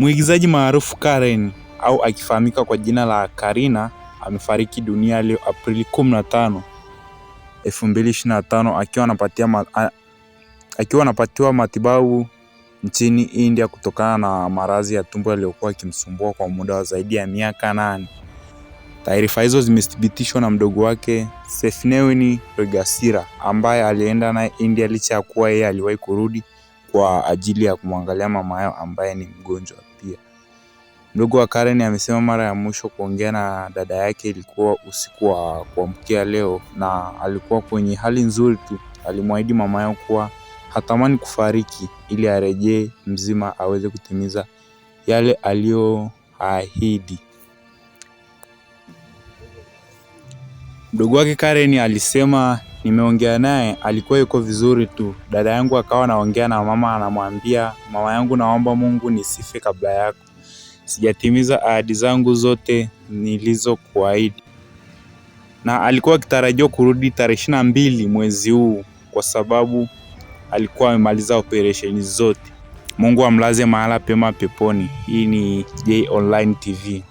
Mwigizaji maarufu Karen au akifahamika kwa jina la Karina amefariki dunia leo Aprili 15, 2025 akiwa akiwa anapatiwa matibabu nchini India kutokana na maradhi ya tumbo yaliyokuwa akimsumbua kwa muda wa zaidi ya miaka nane. Taarifa hizo zimethibitishwa na mdogo wake Sefnewini Regasira ambaye alienda naye India licha ya kuwa yeye aliwahi kurudi kwa ajili ya kumwangalia mama yao ambaye ni mgonjwa. Ndugu wa Karen amesema mara ya mwisho kuongea na dada yake ilikuwa usiku wa kuamkia leo na alikuwa kwenye hali nzuri tu. Alimwahidi mama yao kuwa hatamani kufariki ili arejee mzima aweze kutimiza yale aliyoahidi. Mdogo wake Karen alisema nimeongea naye, alikuwa yuko vizuri tu. Dada yangu akawa anaongea na mama, anamwambia mama yangu, naomba Mungu nisife kabla yako sijatimiza ahadi zangu zote nilizokuahidi. Na alikuwa akitarajiwa kurudi tarehe ishirini na mbili mwezi huu kwa sababu alikuwa amemaliza operesheni zote. Mungu amlaze mahala pema peponi. Hii ni J Online TV.